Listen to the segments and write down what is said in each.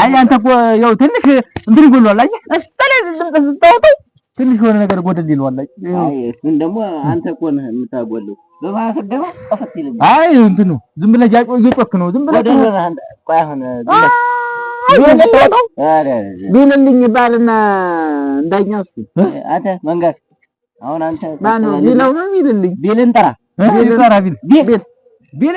አይ አንተ እኮ ያው ትንሽ እንትን ይጎልዋል። አየህ ስታወጣው ትንሽ የሆነ ነገር ጎደል ይለዋል። አይ እሱን ደግሞ አንተ እኮ ነህ የምታጎለው። አይ እንትኑ ዝም ብለህ ነው። ዝም ብለህ አሁን አንተ ቢለው ነው ቢልልኝ ቢልን ቢልን ቢል ቢል ቢል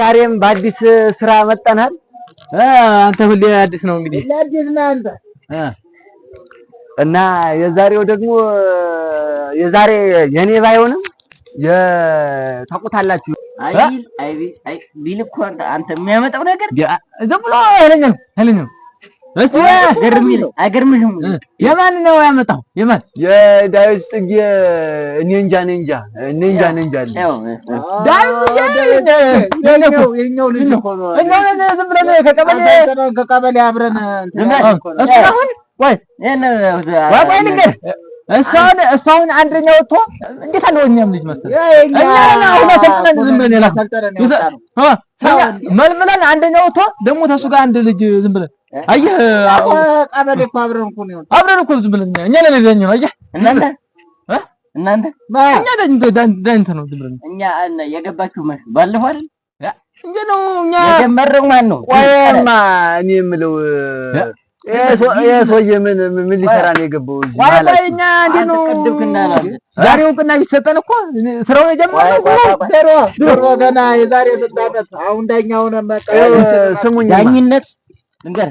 ዛሬም በአዲስ ስራ መጣናል። አንተ ሁሌ አዲስ ነው እንግዲህ አዲስ ነህ አንተ እና የዛሬው ደግሞ የዛሬ የኔ ባይሆንም ታውቁታላችሁ። አይ አይ ቢል እኮ አንተ የሚያመጣው ነገር ዝም ብሎ አይለኛል አይለኛል የማን ነው ያመጣው? የማን የዳዊት ጽጌ? እኔ እንጃ እኔ እንጃ እኔ እንጃ እኔ እንጃ አለ ከቀበሌ እሷን እሷን አንደኛ ወጥቶ እንዴት አለው። እኛም ልጅ መሰለህ መልምለን አንደኛ ወጥቶ ደግሞ ተሱ ጋር አንድ ልጅ ዝም ብለን አየህ ቀበሌ እኮ አብረን እኮ ነው አብረን እኮ ዝም ብለን እኛ ነን የዳኘ ነው። አየህ እናንተ እናንተ እኛ ዳኝተን ነው ዝም ብለን እኛ የገባችሁ መች ባለፈው አይደል እንጂ ነው እኛ የጀመረው ማን ነው? ቆይማ እኔ የምለው ሰውዬ ምን ምን ሊሰራ ነው የገባው? ዛሬ እውቅና ቢሰጠን እኮ ስራውን የጀመረው ገና የዛሬ ስንት ዓመት አሁን ዳኛ ሆነ። ስሙኝ ዳኝነት እንገር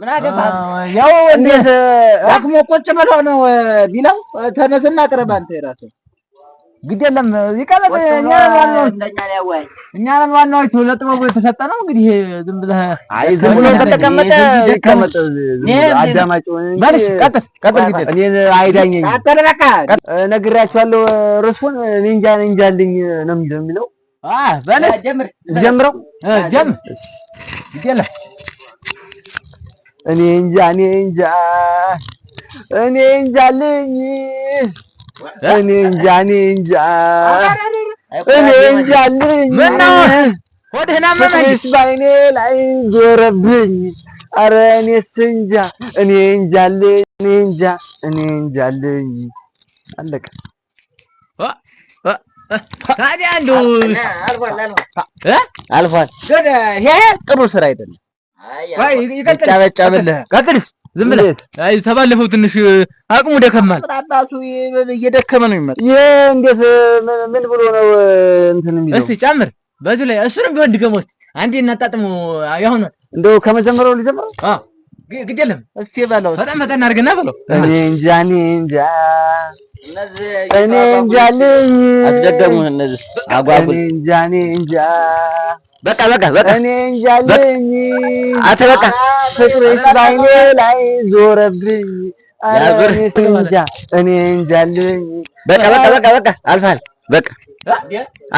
ምን አገባህ? ያው እንዴት አክሞ ቁጭ ብሎ ነው ቢለው ተነስና ቅረብ አንተ የራስህ ግድ የለም ይቀበል። እኛ ነን ዋናዎቹ፣ ለጥበቡ የተሰጠ ነው እንግዲህ። ዝም ብለህ አይ ዝም ብሎ ከተቀመጠ አዳማጭ ማለት ቀጥል፣ ቀጥል። ግድ የለም እኔን አይዳኘኝ። ቀጥል፣ በቃ ነግሬያቸዋለሁ። ርሱን እንጃ እኔ እንጃልኝ ነው የሚለው። አይ ጀምረው፣ ጀምር። ግድ የለም እኔ እንጃ እኔ እንጃ እኔ እንጃ ልኝ እኔ እንጃ እኔ እንጃ እኔ እንጃ ልኝ ፍቅርሽ ባይኔ ላይ ዞረብኝ። አረ እኔስ እንጃ እኔ እንጃ ልኝ እኔ እንጃ እኔ እንጃ ልኝ አለቀ። ታዲያ እንደው አልፏል፣ ጥሩ ስራ አይደለም። ይቀጥልጫበጫብልህ ተባለፈው ትንሽ አቅሙ ደከማል። አባቱ እየደከመ ነው የሚመጣው። ይሄ እንዴት ምን ብሎ ነው እንትን የሚለው? እስኪ ጨምር በዚህ ላይ እሱንም ቢሆን ድገሞ አንዴ እናጣጥሙ። ያሁኗል እንደው ከመጀመሪያው ሊጀምረው ግደለም እስቲ በለው በጣም ፈጠን አድርገና በለው። እኔ እንጃ እኔ እንጃ እኔ እንጃ ልኝ አስደገሙ እነዚህ አጓጉል እኔ እንጃ እኔ እንጃ በቃ በቃ በቃ እኔ እንጃ ልኝ አተ በቃ ፍቅርሽ ባይኔ ላይ ዞረብኝ ያብር እንጃ እኔ እንጃ ልኝ በቃ በቃ በቃ በቃ አልፋል በቃ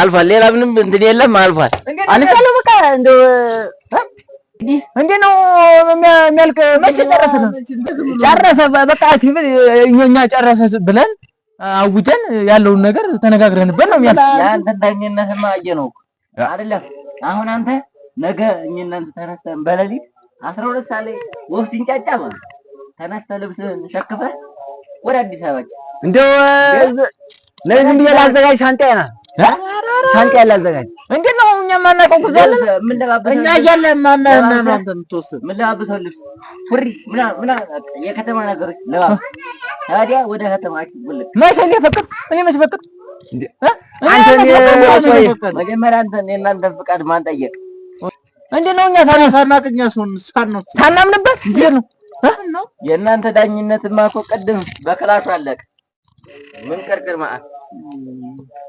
አልፏል። ሌላ ምንም እንትን የለም አልፏል። አንቻለሁ በቃ እንደው እንዴት ነው የሚያልቅ? መቼ ጨረሰ ነው ጨረሰ። በቃ እኛ ጨረሰ ብለን አውጀን ያለውን ነገር ተነጋግረንበት ነው የሚያልቅ። የአንተን ዳኝነትማ አየህ ነው አይደለም? አሁን አንተ ነገ ተነስተን በሌሊት አስራ ሁለት ሰዓት ላይ ወፍ ሲንጫጫ ማለት ልብስህን ሸክፈህ ወደ አዲስ አበባ እንደው ብዬ ላዘጋጅ ሻንጣ ያና ሻንጣ ያላዘጋጅ እንዴ የማናውቀው ጉዞ አለ እኛ እያለ የከተማ ነገሮች ታዲያ ወደ ከተማ መቼ እኔ ፈቅድ እኔ መቼ ፈቅድ መጀመሪያ አንተን የእናንተን ፍቃድ ማን ጠየቅ? እንዴት ነው እኛ ሳናቅ እኛ ሳናምንበት እንዴት ነው የእናንተ ዳኝነትማ ማኮ ቅድም በክላሹ አለቅ ምን ቅርቅር ማለት